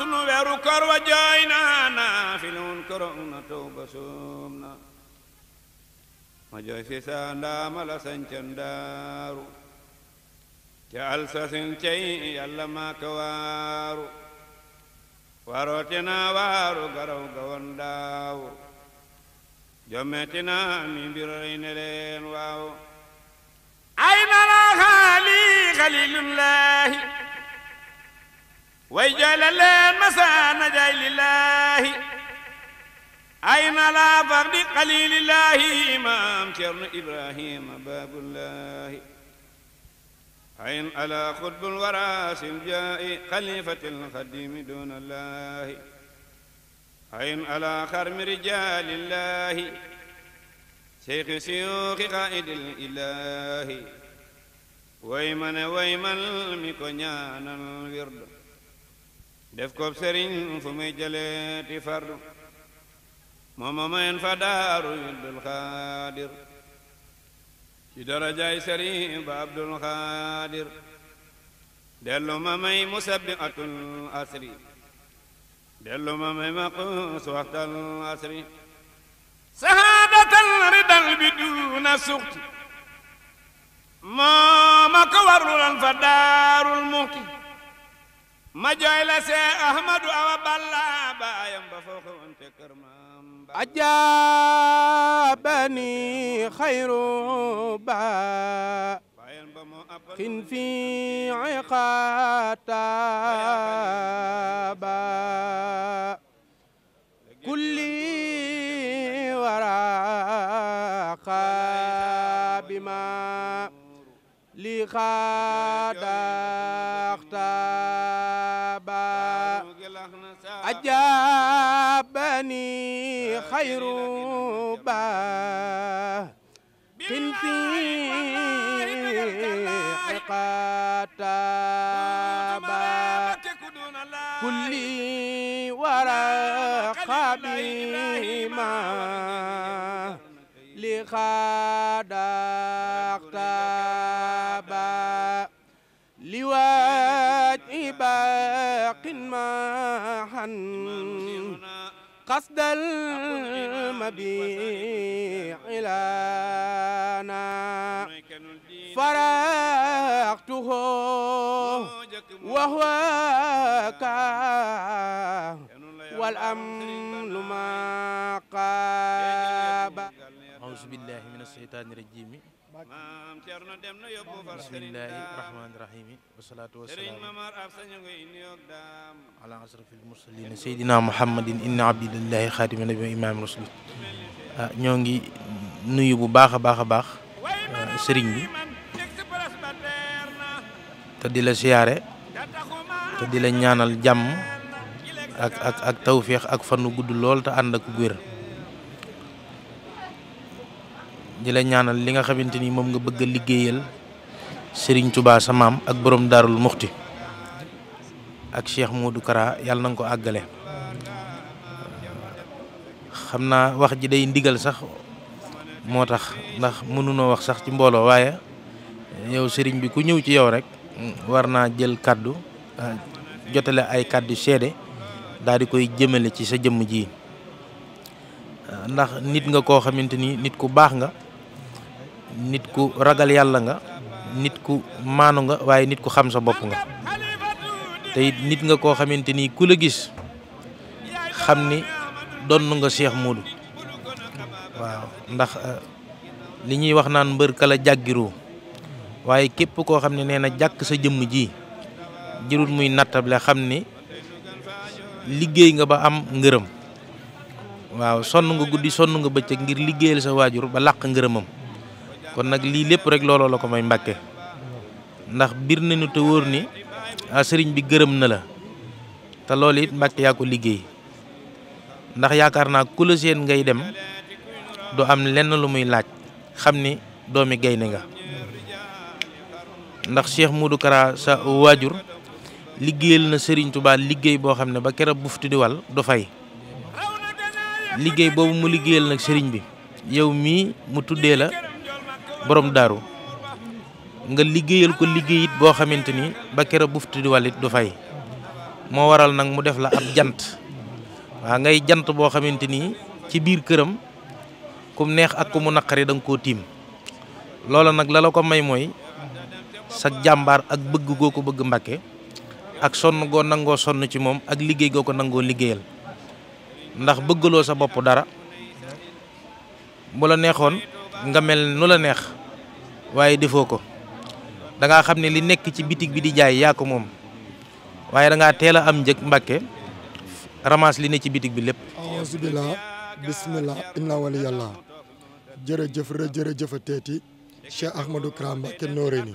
sunu weeru kor wa jooy naa naa fi lun koroom na tawba soom na ma jooy si sa yàlla maa ka waaru garaw ga woon mi mbirëy ne leen waaw ay na la xaali way jooyle leen masaana jaay lillaahi ay na laa fardi xaliilillaahi imaam Cerno Ibrahima baabullaahi ayn ala xutbul waraasil jaa'i xalifatil xadiimi doonallaahi ayn ala xarmi rijaalillaahi seyxi siyuuxi xaa'idil ilaahi way ma ne way mal mi ko ñaanal wirdu def ko sëriñ fu muy jëlee ti fardu moo ma mayen fa daaru Abdul Xaadir ci darajaay sëriñ ba Abdul Xaadir dellu ma may musabbi atul asri dellu ma may bi duuna suxti moo ma ko warulan fa daarul muxti ma jooy la see ahmadu awa balla ba foo xewoon te kër maam ajaabani ba xin fi iqataaba kulli bima li xadax رباني خير باق في قتابا كل ورق بما لقد اقتابا لواجب باق ما حن قصد المبيع لنا فرقته وهو كاه والأمن ما قاب أعوذ بالله من الشيطان الرجيم maam Cerno dem na yóbbu far sëriñ daam bismillaahi rahmaani rahiim wasalaatu wasalaam mamar af muhammadin inna abdillahi xaatimi nabi imaam rasul ah, ñoo ngi nuyu bu baax a baax a baax ah, sëriñ bi te di la siyaare te di la ñaanal jàmm ak ak ak tawféex ak fanu gudd lool te ànd ak wér di la ñaanal li nga xamante ni moom nga bëgg a liggéeyal Serigne Touba sa maam ak borom daarul muxti ak Cheikh Modou Kara yàlla na ko àggale xam naa wax ji day ndigal sax moo tax ndax mënunoo wax sax ci mbooloo waaye yow sëriñ bi ku ñëw ci yow rek war naa jël kàddu ah, jotale ay kàddu seede daal di koy jëmale ci sa jëmm ji ah, ndax nit nga koo xamante ni nit ku baax nga nit ku ragal yàlla nga nit ku maanu nga waaye nit ku xam sa bopp nga te nit nga koo xamante ni ku la gis xam ni donn nga Cheikh Modou waaw ndax euh, li ñuy wax naan mbër kala jàggiroo waaye képp koo xam ne nee na jàkk sa jëmm ji jërul muy la xam ni liggéey nga ba am ngërëm waaw sonn nga guddi sonn nga bëccëg ngir liggéeyal sa waajur ba làq ngërëmam kon nag lii lépp rek looloo la ko mooy mbàkke ndax biir nañu te wóor ni sëriñ bi gërëm na la te loolu it mbàkke yaa ko liggéey ndax yaakaar naa ku la seen ngay dem du am lenn lu muy laaj xam ni doomi gaynde nga ndax Cheikh Modou Kara sa waajur liggéeyal na Serigne Touba liggéey boo xam ne ba kere buftu di wal du fay liggéey boobu mu liggéeyal nag Serigne bi yow mii mu tuddee la borom daaru nga liggéeyal ko liggéeyit boo xamante ni ba kera buftu di walit du fay moo waral nag mu def la ab jant waa ngay jant boo xamante ni ci biir këram kum neex ak ku mu naqari danga nga koo tiim loola nag lala ko may mooy sa jàmbaar ak bëgg goo ko bëgg Mbàkke ak sonn goo nangoo sonn ci moom ak liggéey goo ko nangoo liggéeyal ndax bëggaloo sa bopp dara bu la neexoon nga mel nu la neex waaye defoo ko da xam ne li nekk ci bitig bi di jaay yaa ko moom waaye danga ngaa teel a am njëg mbake ramas li ne ci bitig bi lépp. alhamdulilah bismillah inna wali yàlla jërëjëf rek jërëjëf a teeti Cheikh Ahmadou Kara Mbacké Noreyni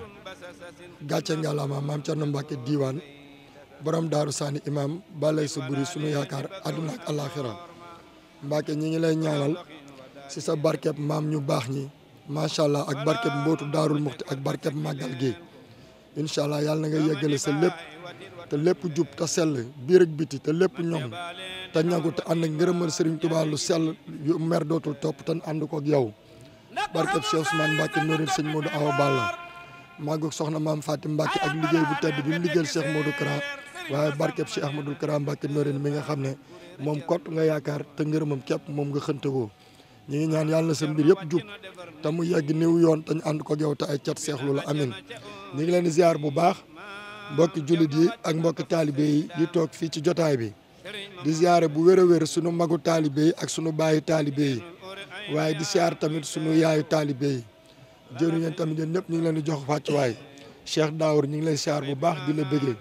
gàcce ngalaama maam Thierno Mbacké diiwaan borom daaru saani imam balay sa buri sunu yaakaar àdduna ak àllaaxira Mbacké ñi lay ñaanal. si sa barkeb maam ñu baax ñi macha allah ak barkeb mbootu daarul muxti ak barkeb màggal gi incha allah yàlla na nga yeggale sa lépp te lépp jub te sell biir ak biti te lépp ñoom te ñagu te ànd ak ngërëmal Serigne Touba lu sell yu mer dootul topp te ànd ko ak yow barkeb Cheikh Ousmane Mbacke nooril sëñ Modou Awa Balla màggoog soxna maam Fatim Mbacke ak liggéey bu tedd bi mu liggéeyal Cheikh Modou Kara waaye barkeb Cheikh Ahmadou Kara Mbacke nooril mi nga xam ne moom kott nga yaakaar te ngërëmam képp moom nga xënte ñu ngi ñaan yàlla na sa mbir yëpp jub te mu yegg niw yoon te ñu ànd ko yow te ay cat seexlu la amin ñu ngi leen di ziar bu baax mbokki jullit yi ak mbokki taalibe yi di toog fii ci jotaay bi di ziare bu wér wér sunu magu taalibe yi ak sunu baayu taalibe yi waaye di ziar tamit sunu yaayu taalibe yi jëriñ leen tamit yéen ñëpp ñu ngi leen di jox wàccuwaay Cheikh Daour ñu ngi lay ziar bu baax di la bëggee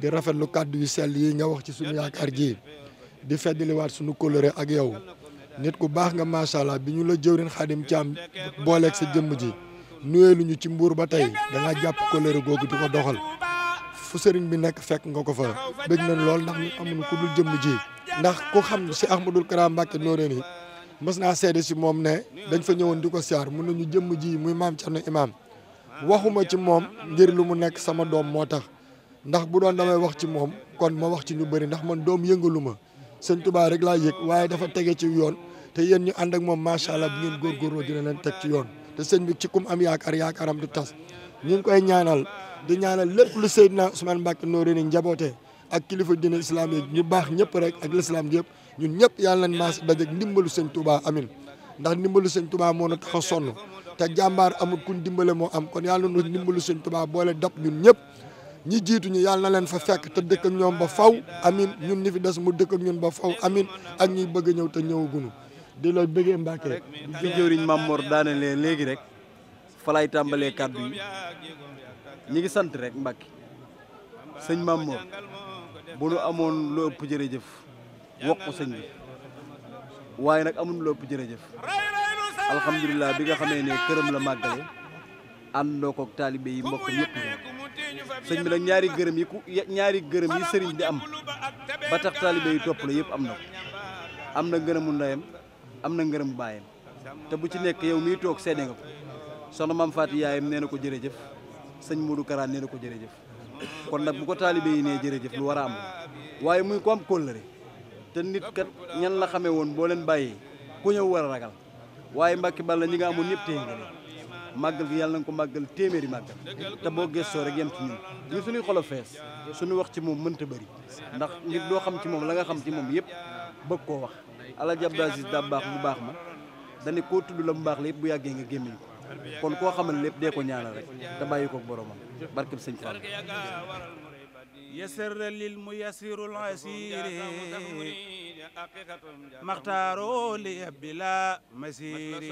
di rafetlu kàddu yu sell yi nga wax ci sunu yaakaar ji di feddaliwaat sunu kóllëre ak yow nit ku baax nga macha allah bi ñu la jëwrin xaadim caam booleeg sa jëmm ji nuyeeluñu ci mbuur ba tey da nga jàpp kóllëre googu di ko doxal fu sëriñ bi nekk fekk nga ko fa bëgg nañ lool ndax ñu amuñu ku dul jëmm ji ndax ku xam si dul Ahmadul Kara Mbàkke Noreyni mës naa seede si moom ne dañ fa ñëwoon di ko siyaar mun nañu jëmm ji muy maam Cerno imaam waxuma ci moom ngir lu mu nekk sama doom moo tax ndax bu doon damay wax ci moom kon ma wax ci ñu bëri ndax man doom yëngalu ma sëñ Tuubaa rek laa yëg waaye dafa tege ci yoon te yéen ñu ànd ak moom macha allah bu ngeen góorgóorloo dina leen teg ci yoon te sëñ bi ci kum am yaakaar yaakaaram du tas ñu ngi koy ñaanal di ñaanal lépp lu Seydina Ousmane Mbacke nooré ni njaboote ak kilifa dina islam yi ñu baax ñëpp rek ak l'islam yëpp ñun ñëpp yàlla nañ maas ndimbalu sëñ Tuubaa amin ndax ndimbalu sëñ Tuubaa moo na tax a sonn te jàmbaar amul kun dimbale moo am kon yàlla nañu ndimbalu sëñ Tuubaa boole dab ñun ñëpp ñi jiituñu ñu yàlla na leen fa fekk te dëkk ak ñoom ba faw amin ñun ñi fi des mu dëkk ak ba faw amin ak ñuy bëgg ñëw te ñëwagunu di la bëggee Mbàkke fi jëwriñ Mamor daane leen léegi rek falaay tàmbalee kàddu yi ñi ngi sant rek Mbàkke sëñ Mamor bu nu amoon lu ëpp jërëjëf wokku sëñ bi waaye nag amuñ lu ëpp jërëjëf alhamdulilah bi nga xamee ne këram la màggale àndoo ko taalibe yi mbokk ñëpp sëñ bi nag ñaari gërëm yi ku ñaari gërëm yi sëriñ bi am ba tax topp la yëpp am na am na ngërëmu ndeyam am na ngërëmu baayam te bu ci nekk yow mi toog seede nga ko soxna maam Faati yaayam nee na ko jërëjëf sëñ Modou Kara nee na ko jërëjëf kon nag bu ko taalibe yi nee jërëjëf lu war a am waaye muy ko am kóllëre te nit kat ñan la xamee woon boo leen bàyyee ku ñëw war a ragal waaye Mbàkke Balla ñi nga amoon ñëpp téye màggal gi yàlla na ko màggal téeméeri màggal te boo gëstoo rek yem ci ñun ñu suñuy xolo fees suñu wax ci moom mënta bëri ndax nit doo xam ci moom la nga xam ci moom yëpp bëgg koo wax Alaaji Abdou Aziz daa baax mu baax ma dane ko tudd la mu baax la yëpp bu yàggee nga gémmiñ ko kon koo xamal lépp dee ko ñaanal rek te bàyyi ko boromam barkeb sëñ Fall يسر للميسر العسير مختار لي بلا مسير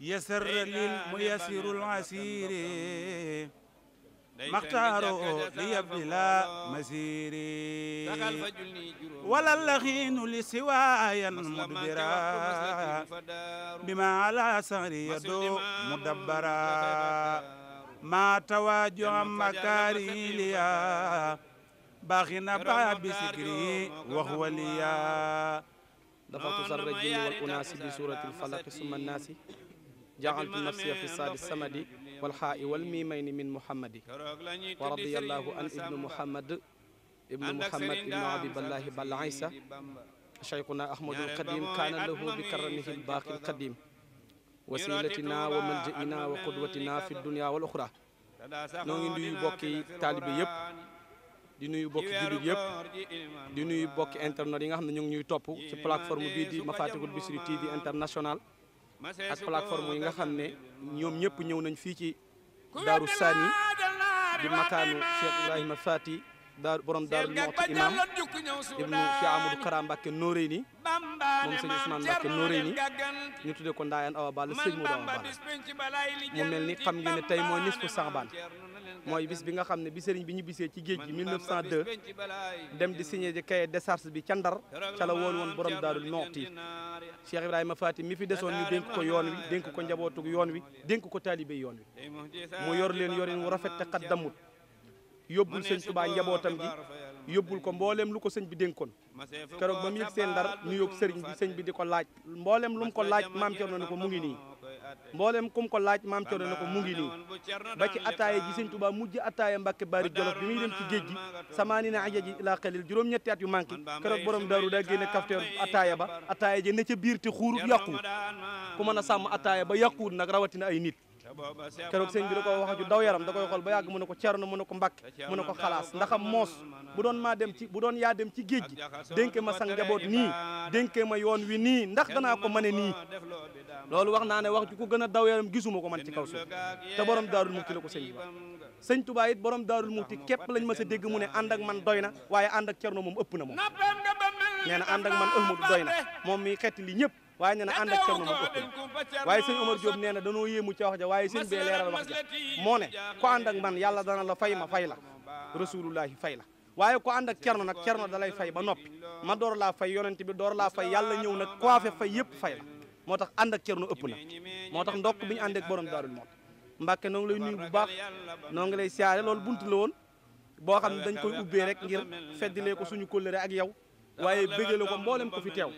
يسر للميسر العسير مختاروا لي بلا مسير ولا اللخين لسوايا مدبرا بما على سهر يدو مدبرا ما تواجه مكاري ليا باغنا باب سكري وهو ليا دفعت سر الجن والأناس بسورة الفلق ثم الناس jaxaltu nafsiya fi saadi samadi walxaa'i wal miimayni min muhammadi wa radiyallahu an ibnu muhammad ibnu muhammad ibnu abiballahi bal isa cheikhuna ahmadul qadim kaana lahu bi karamihi lbaaqil qadim wasilatina wa maljaina wa qudwatina fi dunia wal oxra noo ngi nuyu bokki taalibe yëpp di nuyu bokki jullit yëpp di nuyu bokki internet yi nga xam ne ñu ngi ñuy topp ci plateforme bii di Mafatihul Bichri TV international ak plateforme yi nga xam ne ñoom ñëpp ñëw nañ fii ci daaru Sani di makaanu Cheikh Ibrahima Fati daaru borom daaru Muxti imam ibnu Cheikh Amadou Kara Mbacké Noreyni moom sëñ Ousmane Mbacke Nooré ni ñu tuddee ko Ndaayaan Awa Balla sëñ Modou Awa Balla mel ni xam ngeen ne tey mooy nisfu saxbaan mooy bis bi nga xam ne bi sëriñ bi ñu bisee ci géej gi 1902 dem di signé ji cahier de charge bi ca Ndar ca la woon woon borom Daarul ti Cheikh Ibrahima Faty mi fi desoon ñu dénk ko yoon wi dénk ko njabootug yoon wi dénk ko taalibe yoon wi mu yor leen yorin wu rafet te xat damut yóbbul sëñ Tuubaa njabootam gi yóbbul ko mbooleem lu ko sëñ bi dénkoon keroog ba mu yëg seen ndar nuyoog sëriñ bi sëñ bi di ko laaj mbooleem lu mu ko laaj maam Cerno ne ko mu ngi nii mbooleem ku ko laaj maam Cerno ne ko mu ngi nii ba ci ataaya ji sëñ Tuubaa mujj ataaya Mbàkke Baari Jolof bi muy dem ci géej gi samaani na aja ji ilaa xalil juróom-ñetti at yu manqué keroog borom daaru daa génne kafteer ataaya ba ataaya ji ne ca biir te xuurut yàquwut ku mën a sàmm ataaya ba yàquwut nag rawatina ay nit keroog sëñ bi da ko wax ju daw yaram da koy xool ba yàgg mu ne ko cerno mu ne ko mbàkke mu ne ko xalaas ndaxam moos bu doon maa dem ci bu doon yaa dem ci géej gi dénke ma sang njaboot nii dénke ma yoon wi nii ndax danaa ko mane nii loolu wax naa ne wax ju ko gën a daw yaram gisuma ko man ci kaw suuf te borom daarul muti la ko sëñ ba sëñ tubaa it borom daarul muti képp lañ ma sa dégg mu ne ànd man doy na waaye ànd ak cerno moom ëpp na moom nee na ànd ak man ëlmadu doy na moom mi xetti li ñëpp waaye nee na ànd ak cerno moom ëpp waaye sëñ Omar Diop nee na danoo yéemu ca wax ja waaye sëñ bee leeral wax ja moo ne ko ànd ak man yàlla dana la fay ma fay la rasulullahi fay la waaye ko ànd ak cerno nag cerno da lay fay ba noppi ma door laa fay yonent bi door laa fay yàlla ñëw nag coiffé fay yëpp fay la moo tax ànd ak cerno ëpp na moo tax ndokk bi ñu ànd ak borom daarul moom Mbàkke noo ngi lay nuyu bu baax noo ngi lay siyaare loolu bunt la woon boo xam ne dañ koy ubbee rek ngir feddilee ko suñu kóllëre ak yow waaye bëggee la ko mboolem ko fi teew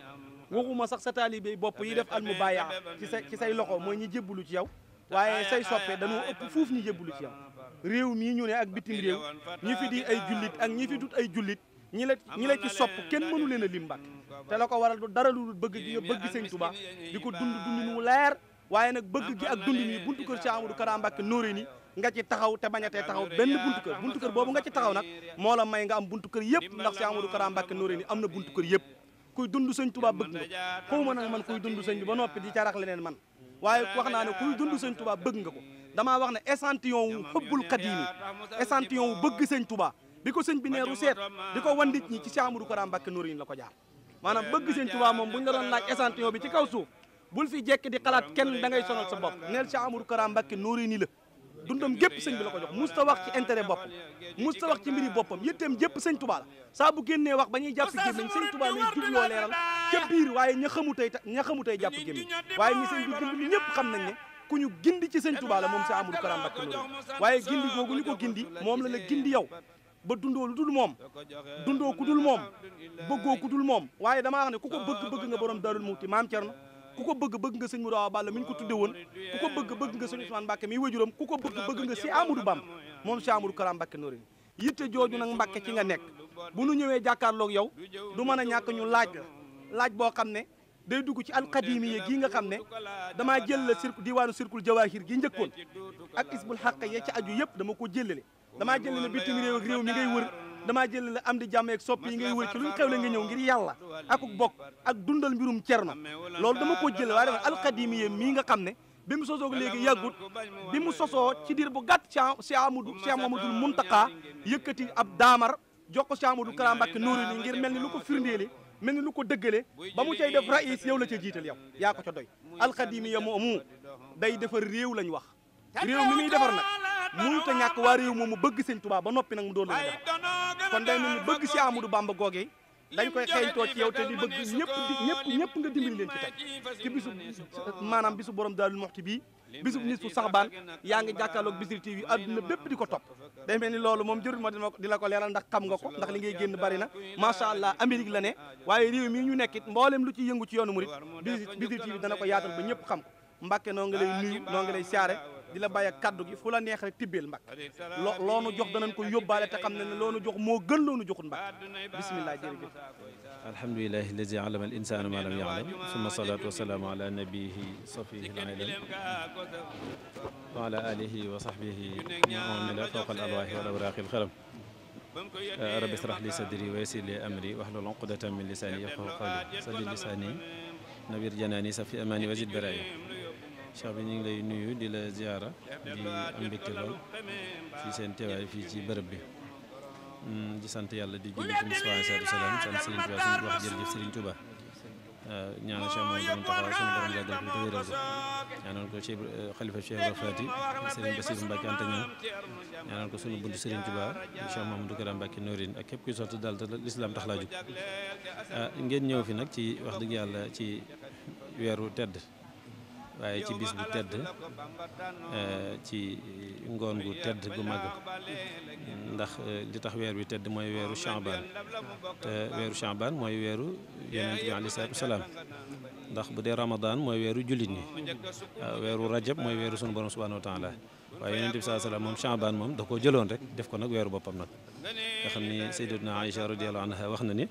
waxuma sax sa taalibe bopp yi def almu bàyyaa ci say ci say loxo mooy ñi jébbalu ci yow waaye say soppe dañoo ëpp fuuf ñi jébbalu ci yow réew mii ñu ne ak bitim réew ñi fi di ay jullit ak ñi fi du ay jullit ñi la ñi la ci sopp kenn mënu leen a lim mbàkk te la ko waral du dara lu bëgg bëgg sëñ Tuubaa di ko dund dund leer waaye nag bëgg gi ak dund nii buntu kër Cheikh Amadou Kara Mbàkke nóoré nga ci taxaw te bañatee taxaw benn buntu kër buntu kër boobu nga ci taxaw nag moo la may nga am buntu kër yëpp ndax Cheikh Amadou Kara Mbàkke nóoré ni am na buntu kër yëpp kuy dund sëñ Tuubaa bëgg nga xaw ma nag man kuy dund sëñ bi ba noppi di carax leneen man waaye wax naa ne kuy dund sëñ Tuubaa bëgg nga ko damaa wax ne échantillon wu xëbbul xadiimi échantillon wu bëgg sëñ Tuubaa bi ko sëñ bi neeru seet di ko wan nit ñi ci Cheikh Amadou Kara Mbacké Noreyni la ko jaar maanaam bëgg sëñ Tuubaa moom buñ la doon laaj échantillon bi ci kaw suuf bul fi jekk di xalaat kenn da ngay sa bopp neel Cheikh Amadou Kara Mbacké Noreyni la dundam gépp sëñ bi la ko jox musta wax ci intérêt boppam musta wax ci mbiri boppam yëtteem jépp sëñ Tuubaa la saa bu génnee wax ba ñuy jàpp gémmiñ sëñ Tuubaa lay jubloo leeral ca biir waaye ña xamu tey ña xamu tey jàpp gémmiñ waaye ñi sëñ bi dimbali ñëpp xam nañ ne ku ñu gindi ci sëñ Tuubaa la moom si Amadou Kara Mbacké Noreyni waaye gindi googu ñu ko gindi moom la la gindi yow ba dundoo lu dul moom dundoo ku dul moom bëggoo ku dul moom waaye damaa wax ne ku ko bëgg-bëgg nga borom Daarul Muhti maam Cerno ku ko bëgg bëgg nga sëñ Modou Awa Balla mi ñu ko tudde woon ku ko bëgg bëgg nga sëñ Ousmane Mbacke mi wéjuram ku ko bëgg bëgg nga si Amadou Bam moom si Amadou Kara Mbacke Noreyni yitte jooju nag Mbacke ci nga nekk bu nu ñëwee jàkkaarloog yow du mën a ñàkk ñu laaj la laaj boo xam ne day dugg ci alqadimiya gii nga xam ne damaa jël la cirque diwaanu circul jawahir gi njëkkoon ak isbul xaq ya ci aju yëpp dama ko jëlale dama jëlale bitim réew ak mi ngay wër damaa jëlale am di jàmm ak sopp yi ngay wër ci luñ xewle nga ñëw ngir yàlla akuk bokk ak dundal mbirum cerno loolu dama ko jël waaye dafa alxadimiye mii nga xam ne bi mu sosoo léegi yàggut bi mu sosoo ci diir bu gàtt Cheikh Amadou Cheikh Amadou Muntaka yëkkati ab daamar jox ko Cheikh Amadou Kara Mbacké ngir mel ni lu ko firndeele mel ni lu ko dëggale ba mu cay def raïs yow la ca jiital yow yaa ko ca doy alxadimiye moomu day defar réew lañ wax réew mi muy defar nag mënuta ñàkk waa réew moom mu bëgg sëñ Tuubaa ba noppi nag mu doon la def kon day mel ni dañ koy xeeñtoo ci yow te di bëgg ñëpp di ñëpp ñëpp nga dimbali leen ci tey ci bisu maanaam bisu borom Daarul Muxti bii bisu nis bu saxbaan yaa ngi jàkkaarloog Bichri TV adduna bépp di ko topp day mel loolu moom jërul ma di la ko leeral ndax xam nga ko ndax li ngay génn bari na macha allah Amérique la ne waaye réew mii ñu nekkit mboolem lu ci yëngu ci yoonu murit Bichri TV dana ko yaatal ba ñëpp xam ko Mbàkke noo ngi lay nuyu di la bàyyi ak kaddu gi fu la neex rek tibbeel mbak lo loo nu jox danañ ko yóbbaale te xam ne ne loo nu jox moo gën loo nu joxul mbak bisimilah jërëjëf alhamdulilahi alladi alama al insanu ma lam yaalam summa salaatu wasalaamu ala nabiyihi safihi alalam wa ala alihi wa sahbihi mamila fawqa al arwahi wal awraqi al xalam rabbi israh li sadri wa yassir li amri wahlul uqdatan min lisani yafqahu qawli saddi lisani nabir janaani safi amani wazid baraya cheikh bi ñu ngi lay nuyu di la ziara di am mbégte lool ci seen teewaay fii ci bërëb bi mm, di sant yàlla di julli ci Mustafa alayhi salaatu wa salaam sant Serigne Touba suñu wax jërëjëf Serigne Touba euh, ñaanal Cheikh Mamadou Mountakha suñu borom yàggal ko te wéral ko ñaanal ko Cheikh Khalifa Cheikh Ibra Fati Serigne Bassirou Mbacké Anta Niang ko suñu buntu Serigne Touba Cheikh Mamadou Kara Mbacké Norine ak képp kuy sotti daal te lislaam tax laa jóg euh, ngeen ñëw fi nag ci wax dëgg yàlla ci weeru tedd waaye ci bis bu tedd eh, ci ngoon gu tedd gu mag ndax eh, li tax weer bi tedd mooy weeru Shaaban te weeru Shaaban mooy weeru yonent bi aleyhi salaatu wasalaam ndax bu dee Ramadan mooy weeru jullit ñi eh, weeru rajab mooy weeru sunu borom subhaanahu wa taala waaye yonent bi saa salaam moom Shaaban moom da koo jëloon rek def ko nag weeru boppam nag nga xam ni sayyidatuna Aïcha radiyallahu anha wax na ni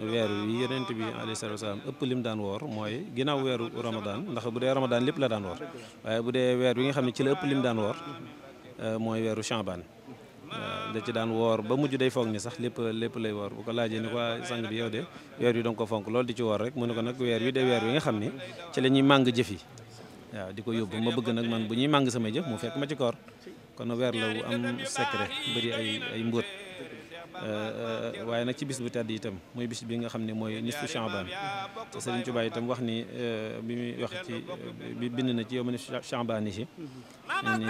weer wi yonent bi alayhi salaatu wasalaam ëpp lim daan woor mooy ginnaaw weeru ramadan ndax bu dee ramadan lépp la daan woor waaye bu dee weer wi nga xam ne ci la ëpp lim daan woor euh, mooy weeru chambane euh, ci daan woor ba mujj day foog ni sax lépp lépp lay woor bu ko laajee ni ko yow de weer wi danga fonk loolu di ci woor rek mu ne ko nag weer wi de weer wi nga xam ni ci la ñuy màng jëf yi waaw di ko yóbbu ma bëgg nag man bu ñuy màng samay jëf mu fekk ma ci koor kon weer la am secret bëri ay mbóot Euh, euh, waaye nag ci bis bu tedd itam mooy bis bi nga xam ne mooy nisfu Shaaban te Sëriñ Tuubaa tam wax ni euh, bi muy wax ci bi bind na ci yow ma ne Shaaban yi si ni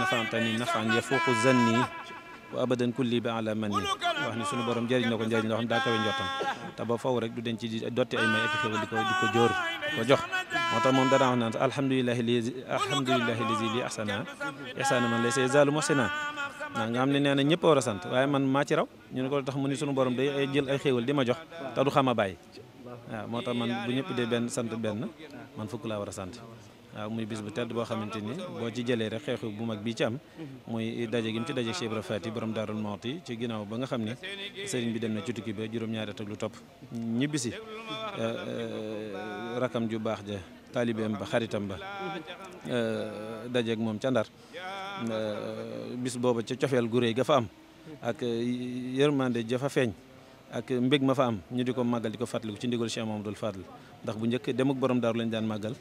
nafaantani nafaan yafuuqu zanni wa abadan kulli bi ala man ni wax ni sunu borom jëriñ na ko njëriñ loo xam ne daa kawe njottam ba faw rek du den di dotti ay may ak xéwal di ko di ko jóor jox moo tax moom dara wax naan alhamdulilahi li alhamdulilahi lizi li ahsana ihsana man laysa yazaalu muhsina waaw nga am ne nee na ñëpp war a sant waaye man maa ci raw ñu ne ko tax mu ni sunu borom day jël ay xéewal di ma jox te du xama bàyyi waaw moo tax man bu ñëpp dee benn sant benn man fukk laa war a sant waaw muy bis bu tedd boo xamante ni boo ci jëlee rek xeexu bu mag bii ci am muy daje gi mu ci daje Cheikh Ibra Faty borom Daarul Mawti ci ginnaaw ba nga xam ne sëriñ bi dem na ci tukki ba juróom-ñaari at ak lu topp ñibbisi eh, eh, rakam ju baax ja taalibeem ba xaritam ba euh, dajeeg moom ca ndar euh, bis booba ca cofeel gu réy ga fa am ak euh, yërmande ja fa feeñ ak mbég ma fa am ñu di ko màggal di ko fàttaliku ci ndigal Cheikh Mamadou Fadl ndax bu njëkk dem borom daaru lañ daan màggal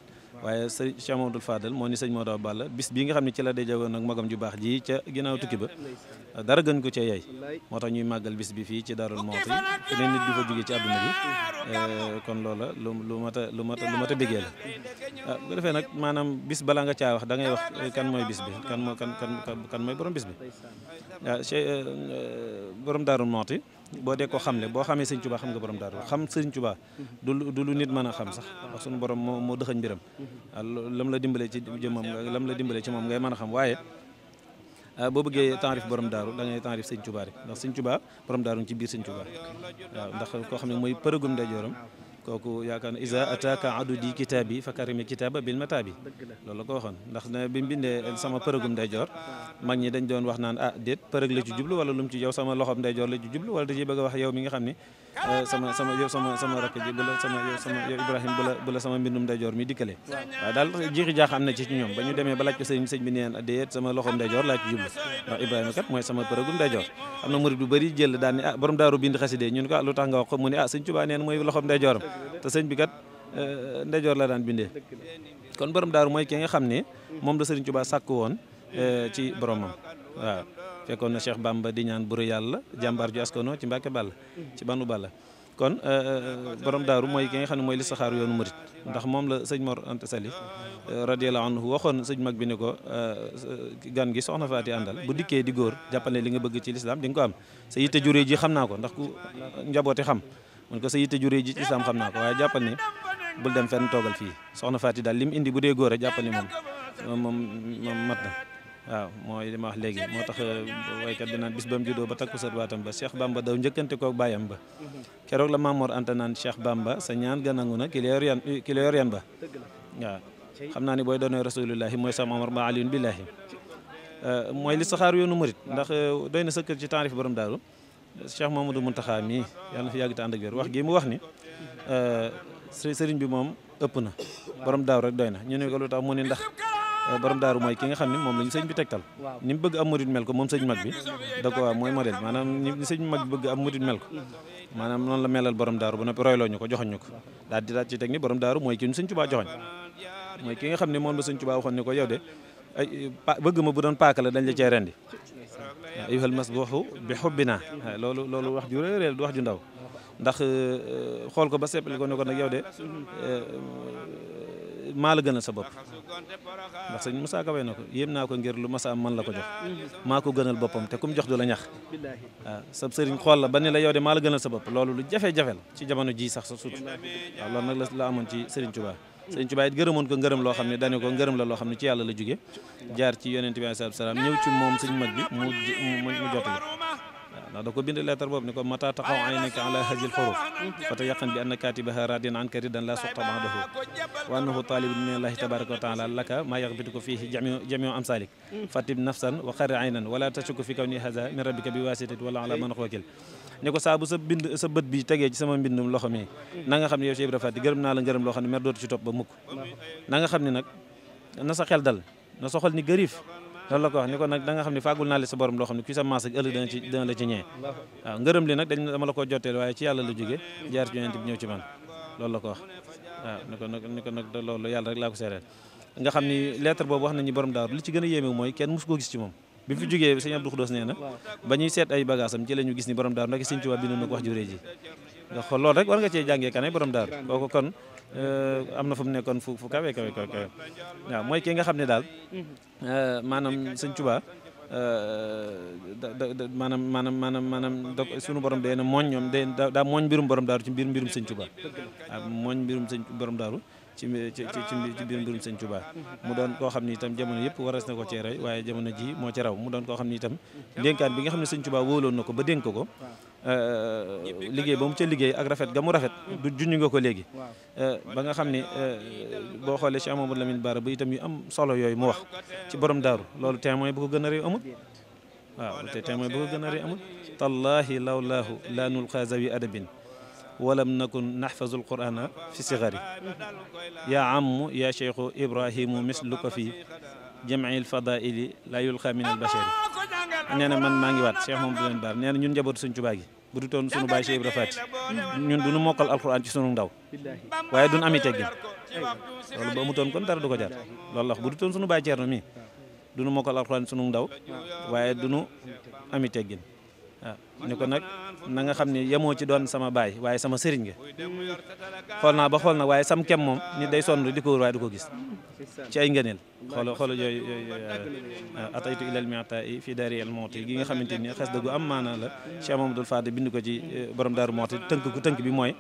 waaye sëñ Cheikh Mamadou Fadal moo ni sëñ Maodo Balla bis bii nga xam ne ci la dajagoon nag magam ju baax ji ca ginnaaw tukki ba dara gën ko cee yey moo tax ñuy màggal bis bi fii ci Darou Mouhty yeneen nit di fa jógee ci àdduna bi eh, kon loola lu lu mat a lu mat a lu mat a bëggee la ah defee nag maanaam bis balaa nga caa wax da ngay wax eh, kan mooy bis bi kan moo kan kan kan mooy borom bis bi waaw ah, Cheikh eh, borom Darou Mouhty boo dee ko xam ne boo xamee sëñ Tuubaa xam nga borom daaru xam sëñ Tuubaa du lu nit mën a xam sax su suñu borom moo moo dëxañ mbiram lam la dimbalee ci jëmmam lam la dimbalee ci moom ngay mën a xam waaye ah, boo bëggee taarif borom daaru da ngay taarif sëñ Tuubaa rek ndax sëñ Tuubaa borom daaru ci biir sëñ Tuubaa waaw ndax koo xam ne mooy përëgum ndeyjooram kooku yaakaar na isa ataaka adudi kitaab yi fa karimi kitaaba bil mataabi loolu la ko waxoon ndax ne bi mu bindee sama përëgum ndeyjoor mag ñi dañ doon wax naan ah déet përëg la ci jublu wala lu mu ci yow sama loxoom ndeyjoor la ci jublu wala da ciy bëgg a wax yow mi nga xam ni Eh, sama sama sama sama rakk ji bu la sama yow sama yow Ibrahima bu la sama mbindum ndeyjoor mi dikkalee waaye daal jiixi jaax na ci ñoom ba ñu demee ba laaj ko sëñ sëñ bi neen déet sama loxoom ndeyjoor laa ci jublu ndax Ibrahima kat mooy sama përëgum ndeyjoor am na murid bu bëri jël daan ni ah borom daaru bind xaside ñun ko ah, lu tax nga wax ko mu ne ah sëñ Tuubaa neen mooy loxoom ndeyjooram te sëñ bi kat eh, ndeyjoor la daan bindee kon borom daaru mooy ki nga xam ne moom la sëriñ Tuubaa sàkk woon eh, fekkoon na Cheikh ba di ñaan buru yàlla jàmbaar ju askano ci Mbàkke Balla ci banu Balla kon euh, euh, borom daaru mooy ki nga xam ne mooy listaxaar yoonu murit ndax moom la sëñ Mor Anta Sali euh, radiyallahu anhu waxoon sëñ mag bi ni ko gan gi soxna Faati àndal bu dikkee di góor jàppal ne li nga bëgg ci lislaam di nga ko am sa yitte jure ji xam naa ko ndax ku njaboote xam mun ko sa yitte jure ji ci lislaam xam naa ko waaye jàppal ne bul dem fenn toogal fii soxna Faati daal li mu indi bu dee góor a jàppal moom moom mat na waaw mooy li ma wax léegi moo tax euh, waykat bi naan bis ba mu juddoo ba takku sat waatam ba Cheikh Bamba daw njëkkante koog baayam ba keroog la Mamoor Anta naan Cheikh Bamba sa ñaan ga nangu na ki la yan ki la yor yan ba waaw xam naa ni booy doonee rasulillahi mooy sama Omar ma aliyun billahi euh, mooy li saxaar yoonu murit ndax euh, doy na sëkkër ci taarif borom daaru Cheikh Mamadou Muntaxa mii yàlla fi yàgg te ànd ak wér wax gii mu wax ni sëriñ bi moom ëpp na borom daaru rek na ñu ne Euh, borom daaru mooy ki nga xam ni moom la ñu sëñ bi tegtal ni mu bëgg am murid mel ko moom sëñ mag bi da ko mooy modèle maanaam ni sëñ mag bi bëgg am murid mel ko maanaam noonu la melal borom daaru ba noppi royloo ñu ko joxoñ ñu ko daal di daal ci teg ni borom daaru mooy ki ñu sëñ Tuubaa joxoñ mooy ki nga xam ne moom la sëñ Tuubaa waxoon ni ko yow de ay bëgg ma bu doon paaka la dañ la cee rendi waaw ayyuhal masbuuxu bi xubbinaa loolu loolu wax ju réeréel du wax ju ndaw ndax euh, xool ko ba seppali ne ko nag yow de euh, maa la gënal sa bopp ndax sëñ Moussa Ka way na ko yéem naa ko ngir lu masa man la ko jox maa ko gënal boppam te kum jox du la ñax waaw sa sëriñ xool la ba ne la yow de maa la gënal sa bopp loolu lu jafe-jafe la ci jamono ji sax sa sut waaw loolu nag la la amoon ci sëriñ Tuubaa sëriñ Tuubaa it gërëmoon ko ngërëm loo xam ne dane ko ngërëm la loo xam ne ci yàlla la jóge jaar ci yonent bi alayhi salaam ñëw ci moom sëñ mag bi mu mu jot la ndax da ko bind leetar boobu ni ko mata taxaw aynaka ala hadil xuruf fata yaqan bi anna katibaha radin anka ridan la soxta ba'dahu wa annahu talibun min allahi tabaraka wa taala laka maa yaxbituko fiihi jamiu amsalik mm. fatib nafsan wa xarri aynan wala tashukku fi kawni haza min rabbika bi wasitati wala ala man wakil ni ko saa bu sa bind sa bët bi tegee ci sama mbindum loxo mi mm. na nga xam ne yow Cheikh Ibra Faty gërëm naa la ngërëm loo xam ne mer dootu ci topp ba mukk na nga xam ne nag na sa xel dal na sa xol ni gërif loolu la ko wax ni ko nag da xam ne fàggul naa sa borom loo xam ne ku sa maas ak ëllëg dana la ci ñee waaw ngërëm li nag dañ dama la ko jotteel waaye ci yàlla la jóge jaar ci yonent bi ñëw ci man la nga xam ni lettre boobu wax nañu borom daaru li ci gën a yéeme mooy kenn mosu koo gis ci moom bi mu fi jógee sëñ Abdou Khoudoss nee na ba ñuy seet ay bagages ci la gis ni borom daaru ndax sëñ Tuubaa bi noonu ko wax juree ji nga xool rek war nga cee jàngee kanay borom Euh, am na fu mu nekkoon fu fu kawe kawe kawe waaw mooy ki nga xam ne daal mhm. euh, maanaam sëñ Tuubaa euh, maanaam maanaam maanaam maanaam sunu borom day na mooñ ñoom day daa mooñ mbirum borom daaru ci mbir mbirum sëñ Tuubaa mbirum sëñ borom daaru ci ci ci biir mbirum sëñ Tuubaa mu doon koo xam ni itam jamono yëpp waras na ko cee waaye jamono ji moo ci raw mu doon koo xam ni itam mhm. dénkaan bi nga xam ne sëñ Tuubaa wóoloon na ko ba dénk ko Euh, liggéey ba mu ca liggéey ak rafet ga mu rafet du junñu nga ko léegi euh, ba nga xam ne euh, boo xoolee Cheikh Mamadou Lamine Bara ba itam yu am solo yooyu mu wax ci borom daaru loolu témoin bu ko gën a réew amul waaw te témoin bu ko gën a réew amul tallaahi lawlaahu laa nulqaa zawi adabin walam nakun naxfazu alqurana fi sigari yaa amu yaa cheikhu ibrahimu misluka fi jamci alfadaili laa yulqaa min albashari nee na man maa ngi waat Cheikh Mamadou Lamine Bara nee na ñun njaboot suñ Tuubaa gi bu du toon sunu baay Cheikh Ibra ñun du nu mokkal alxuraan ci sunu ndaw waaye duñ ami teggin loolu ba mutoon kon dara du ko jar loolu la bu du toon sunu baay Ceerno mi du nu mokkal alxuraan ci sunu ndaw waaye du nu ami teggin waaw ni ko nag na nga xam ni yemoo ci doon sama baay waaye sama sëriñ nga xool naa ba xool na waaye sam kem moom nit day sonn di ko wër waaye du ko gis ci ay ngëneel xoolo xoolo yooyu yooyu ataytu ilal mi'ta'i fi daari al mu'ti gi nga xamante ni xes dëggu am maana la Cheikh Mamadou Fadi bind ko ci eh, borom daaru mu'ti tënk ku tënk bi mooy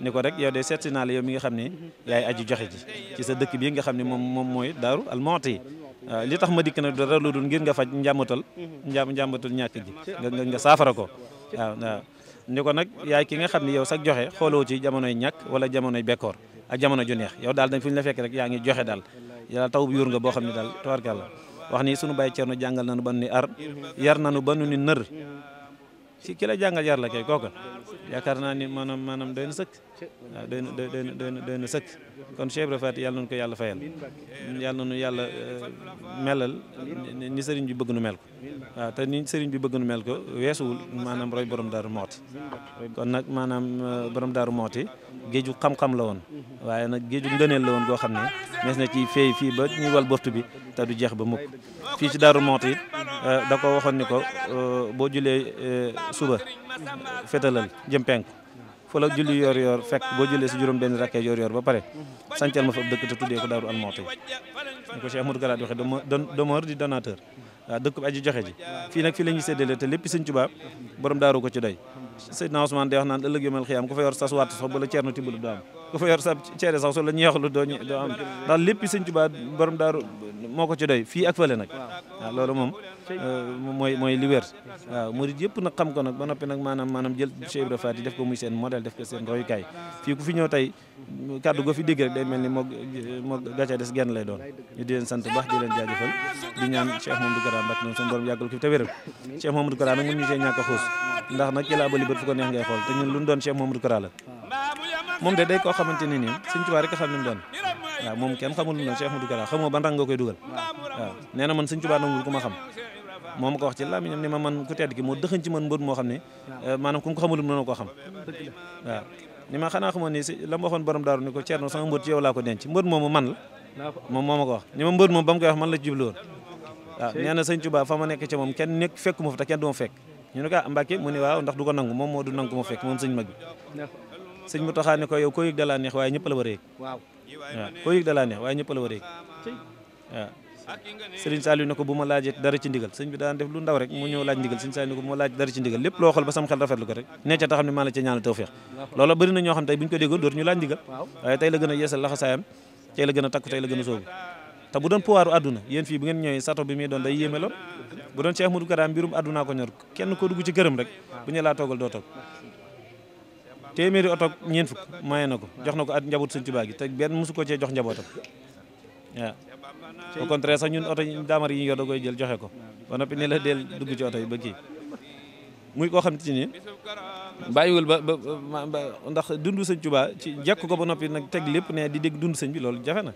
ni ko rek yow de seet naa la yow mi nga xam ni yaay aju joxe ji ci sa dëkk bi nga xam ne moom moom mooy daaru al waaw euh, li tax ma dikk na dara lu dul ngir nga faj njàmbatal njàm njàmbatul ñàkk ji nga nga saafara ko waaw waaw ko nag yaay ki nga xam ne yow sax joxe xooloo ci jamonoy ñàkk wala jamonoy bekkoor ak jamono ju neex yow daal dañ fu ñu la fekk rek yaa ngi joxe daal yàlla taw bu yóor nga boo xam ne daal tabarkàlla wax ni sunu bàyyi Cerno jàngal nanu ba nu ni ar yar na nanu ba nu ni nër ci ki la jàngal yar la kay kooka yaakaar naa ni maanaam maanaam doy na sëkk waaw ah, doy na doy na doy na doy na sëkk kon Cheikh Ibra yàlla nañu ko yàlla fayal yàlla eh, melal ni sëriñ bi bëgg nu mel ko waaw ah, te ni sëriñ bi bëgg nu mel ko weesuwul maanaam roy borom daaru mooti kon nag maanaam eh, borom daaru mooti géeju xam-xam la woon waaye nag géeju ngëneel la woon goo xam ne mees na ci feey fii ba ñuy wal bortu bi te du jeex ba mukk fii ci daaru mooti eh, da ko waxoon ni ko boo julee suba fetalal jëm penku fa la julli yor yor fekk boo jullee si juróom benn rakkee yor yor ba pare sancal ma fa dëkk te tuddee ko daaru almooti ni ko Cheikh di donateur waaw dëkk bi joxe ji fii nag fii la ñuy séddale te lépp sëñ Tuubaa borom daaru ko ci doy Seydina Ousmane day wax naan ëllëg yomal xiyaam ku fa yor sas watt sax ba la ceerno tibalu du am ku fa sa cere sax su la ñuy wax lu doo doo am ndax lépp borom daaru moo ko ci doy fii ak fële nag waaw loolu moom euh, mooy mooy li wér waaw murid yëpp nag xam ko nag ba noppi nag maanaam jël Cheikh Ibra def ko mu seen modèle def ko seen royukaay fii ku fi ñëw tey kàddu fi dégg rek day mel ni moo moo des genn lay doon ñu di leen sant baax di leen jaajëfal di ñaan Cheikh Mamadou Kara ko fi te wéral ñu see ñàkk a ndax nag ci ba li fu ko neex ngay xool te ñun lu ñu doon Cheikh Mamadou Kara la moom de day koo xamante ne nii Sëñ Tuubaa rek a xam ni mu doon waaw moom kenn xamul lu mu doon Cheikh Ahmadou Kara xamoo ban rang nga koy dugal waaw nee na man Sëñ Tuubaa nangul ku ma xam moo ma ko wax ci làmmiñam ni ma man ku tedd ki moo dëxañ ci man mbër moo xam ne euh, maanaam ku mu ko xamul mën na koo xam waaw ni ma xanaa xamoon ni si la ma waxoon borom daaru ni ko Ceerno sama mbër ci yow laa ko denc mbër moomu man la moom moo ma ko wax ni ma mbër moom ba mu koy wax man la ci jublu woon waaw nee na Sëñ Tuubaa fa ma nekk ca moom kenn nekk fekku ma fa te kenn du ma fekk ñu ne ko ah Mbàkke mu ni waaw ndax du ko nangu moom moo du nangu ma fekk moom sëñ mag bi sëñ Mountakha ne ko yow koo yëg da neex waaye ñëpp war a yëg waaw koo yëg da laa neex waaye ñëpp la war a yëg ko bu ma laaj ndigal sëñ Saliou ne ko bu ma laaj dara ci ndigal lépp loo xool ba sam xel rafetlu ko rek ne ca ta xam ne maa la ca ñaanal tawfeex loola ñoo xam tey bu ñu ko déggoon dootu ñu laaj ndigal waaye tey la gën a yeesal laxasaayam tey la gën a takku tey la gën a soobu te bu doon pouvoiru àdduna yéen fii bu ngeen ñëwee sato bi muy doon day yéeme lool bu doon Cheikh Modou Kara mbirum àdduna ko ñor kenn ko dugg ci këram rek a ñu laa toogal doo toog téeméeri oto ak ñeent fukk maye na ko jox na ko at njaboot sañ Tuubaa gi te benn mosu ko cee jox njabootam waaw au sax ñun oto daamar yi ñu koy jël joxe ko ba noppi ne la del dugg ci oto yi ba kii muy koo xam ci ni bàyyiwul ba ba ndax dund Sëñ Tuubaa ci jekk ko ba noppi nag teg lépp ne di dégg dund sëñ bi loolu jafe na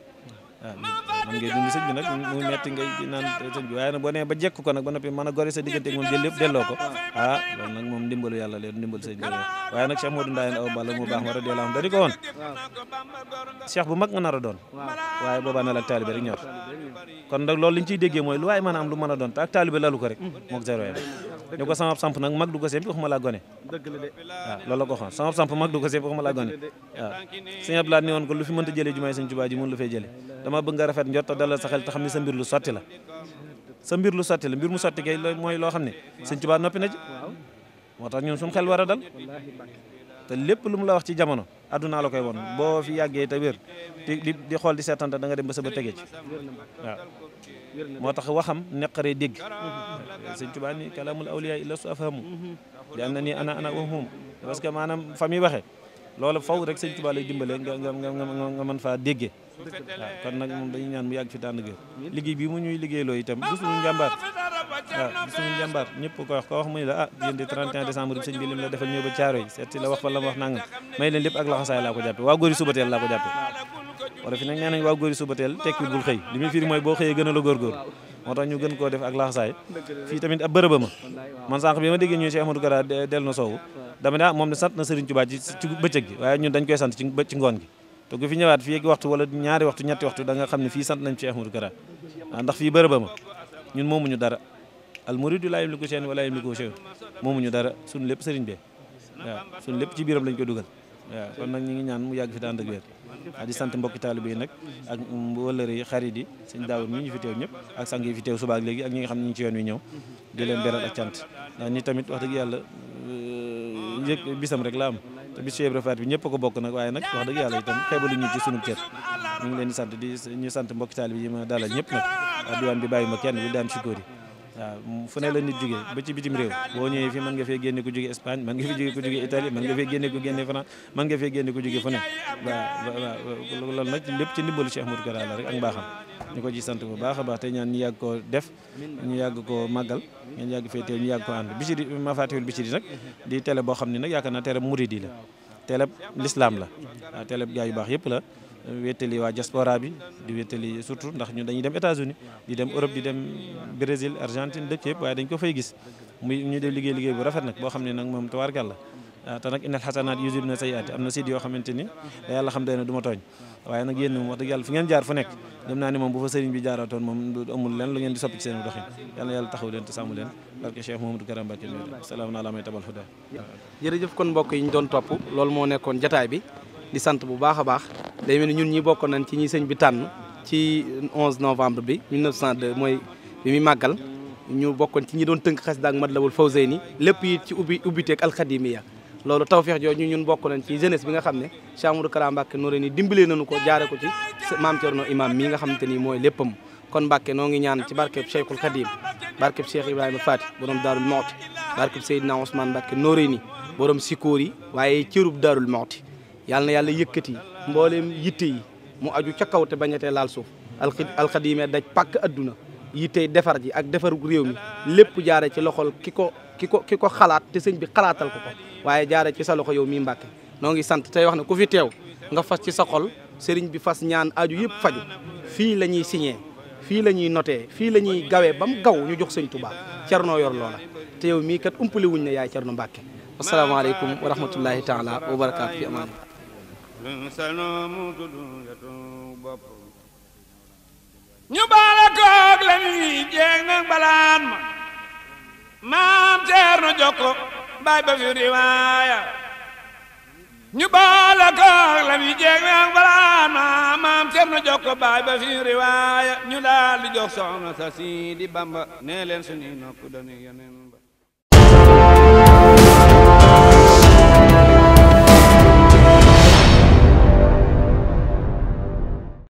man ngay dund sëñ bi nag muy metti ngay naan sëñ bi waaye nag boo nee ba jekk ko nag ba noppi mën a gore sa diggante ak moom jël lépp delloo ko ah loolu nag moom ndimbalu yàlla leen ndimbalu sëñ bi waaye nag Cheikh Modou Ndayane Awa Balla mu baax ma radiyallahu anhu dañu ko woon cheikh bu mag nga nar a doon waaye boobaa na la ak taalibe rek ñor kon nag loolu li ñu ciy déggee mooy lu waaye mën a am lu mën a doon te ak taalibe lalu ko rek mm. mook zéro yam ni ko samab samp nag mag du ko seppi waxuma laa gone waaw ah, loolu la ko waxoon samab samp mag du ko seppi waxuma laa gone waaw ah. sëñ Abdoulaye ni woon ko lu fi mënta jëlee jumaay sëñ Tuubaa ji mun lu fay jële dama bëgg nga rafet njort te dalal sa xel te xam ne sa mbir lu sotti la sa mbir lu sotti la mbir mu sotti kay mooy loo xam ne sëñ Tuubaa noppi na ci moo tax ñun suñu xel war a dal te lépp lu mu la wax ci jamono addunaa la koy woon boo fi yàggee ta wér di di xool di seetante da nga dem ba sa ba tege ci waaw moo tax waxam neqaree dégg sëñ Tuubaa ni kalaamul awliyaa illa su afhamu di am na nii ana ana wahum parce que maanaam fa muy waxee loolu faw rek sëñ Tuubaa lay dimbale nga nga nga nga mën faa dégge waaw ah. kon nag moom dañuy ñaan mu yàgg fi tànn gër liggéey bi mu ñuy liggéey loo itam du ah, suñu njàmbaar waaw ah, suñu njàmbaar ñëpp ko wax ko wax mu la ah yéen de 31 décembre sëñ bi lim la defal ñëw ba wax ma wax boo xëyee gën a la góorgóor moo tax ñu koo def ak laxasaay fii tamit ab bërëba ah moom ne sant na Serigne Touba ci ci gi waaye ñun dañ koy sant ci ngoon gi te fi ñëwaat fii ak waxtu wala ñaari waxtu ñetti waxtu da nga xam ne fii sant nañ Cheikh Ahmadou Kara ah, ndax fii bërëba ma ñun moomuñu dara al muridu laa yamliku shay'an wa laa yamliku moomu ñu dara suñu lépp sëriñ be waaw suñu lépp ci biiram lañ ko dugal waaw kon nag ñu ngi ñaan mu yàgg fi daan ak wér ah, di sant mbokki taalibe yi nag ak wëllëre yi xarit yi sëñ daawut mi ñu fi teew ñëpp ak sang yi fi teew subaak léegi ak ñi nga xam ne ñu ngi ci yoon wi ñëw d leen beral ak cant ndax ñi tamit wax dëgg yàlla yëg euh, bisam rek la te bis Cheikh Ibra Faat bi ñëpp ko bokk nag waaye nag wax dëgg yàlla itam xeebalu ñu ci sunu cër ñu ngi leen di sant di ñu sant mbokki taalibe yi ma bi bàyyi ma bi daam sikóor yi waaw fu ne ci bitim réew boo ñëwee fii mën nga fee génne ku jóge Espagne mën nga fee jóge ku jóge Italie mën nga fee génne ku génne France Kara la rek ak ñu ko ci bu baax a baax te ñaan ñu yàgg koo def ñu yàgg koo màggal ngeen yàgg fee teew ñu yàgg koo ànd Bichri Mafatihul Bichri nag di télé boo xam ne nag yaakaar naa télé murid yi la tele lislaam la waaw bu gaa yu baax yëpp la wéttali waa diaspora bi di wéttali surtout ndax ñu dañuy dem États-Unis di dem Europe di dem Brésil Argentine dëkk yëpp waaye dañ ko fay gis muy ñu def liggéey liggéey bu rafet nag boo xam ne nag moom tuwaarkal la Ah, te nag innal xasanaat yuzhibna sayyi'aat am na siit yoo xamante ni yàlla xam tey ne du ma tooñ waaye nag yéen moom wax dëgg yàlla fi ngeen jaar fu nekk dem naa ni moom bu fa sëriñ bi jaaratoon moom amul leen lu ngeen di soppi ci doxin yàlla yàlla taxaw leen te sàmm leen barke Cheikh Mouhamadou Karam Mbacké salaamun alaa may tabal huda jërëjëf kon mbokk yi ñu doon topp loolu moo nekkoon jataay bi di sant bu baax a baax day mel ni ñun ñi bokkoon nañ ci ñi sëñ bi tànn ci 11 novembre bi 1902 mooy bi muy màggal ñu bokkoon ci ñi doon tënk xasida ak Matlabul Fawzayni lépp yi ci ubbi ubbiteeg alxadimiya loolu tawfeex jooju ñun bokk nañ ci jeunesse bi nga xam ne Cheikh Amadou Kara Mbacké nooré ni dimbalee nañu ko jaare ko ci maam Thierno imam mii nga xamante ni mooy léppam kon Mbacké noo ngi ñaan ci barkeb Cheikhul Khadim barkeb Cheikh Ibrahima Fati borom Daarul Mawti barkeb Seydina Ousmane Mbacké nooré ni borom sikóor yi waaye cërub Daarul Mawti yàlla na yàlla yëkkati mbooleem yitte mu aju ca kaw te bañatee laal suuf alxadime daj pàkk adduna yittey defar ji ak defar réew mi lépp jaare ci loxol ki ko ki ko ki ko xalaat te sëñ bi xalaatal ko waaye jaare ci sa loxo yow mii Mbàkke noo ngi sant tey wax na ku fi teew nga fas ci sa xol sëriñ bi fas ñaan aju yëpp faju fii la ñuy signé fii la ñuy noté fii lañuy ñuy gawee ba mu gaw ñu jox sëñ Tuubaa Cerno yor loola te yow mii kat umpale wuñ ne yaay Cerno Mbàkke asalaamaaleykum wa rahmatullahi taala wa barakaatu fi amaan ñu baala toog la ñuy jeeg balaan maam Ceerno Jokko baay ba fi riwaaya ñu boole ko la mi jeeg naan balaan ma maam Ceerno Jokko baay ba fi riwaaya ñu daal di jox soxna sa si di Bamba nee leen suñuy nokk dañuy yeneen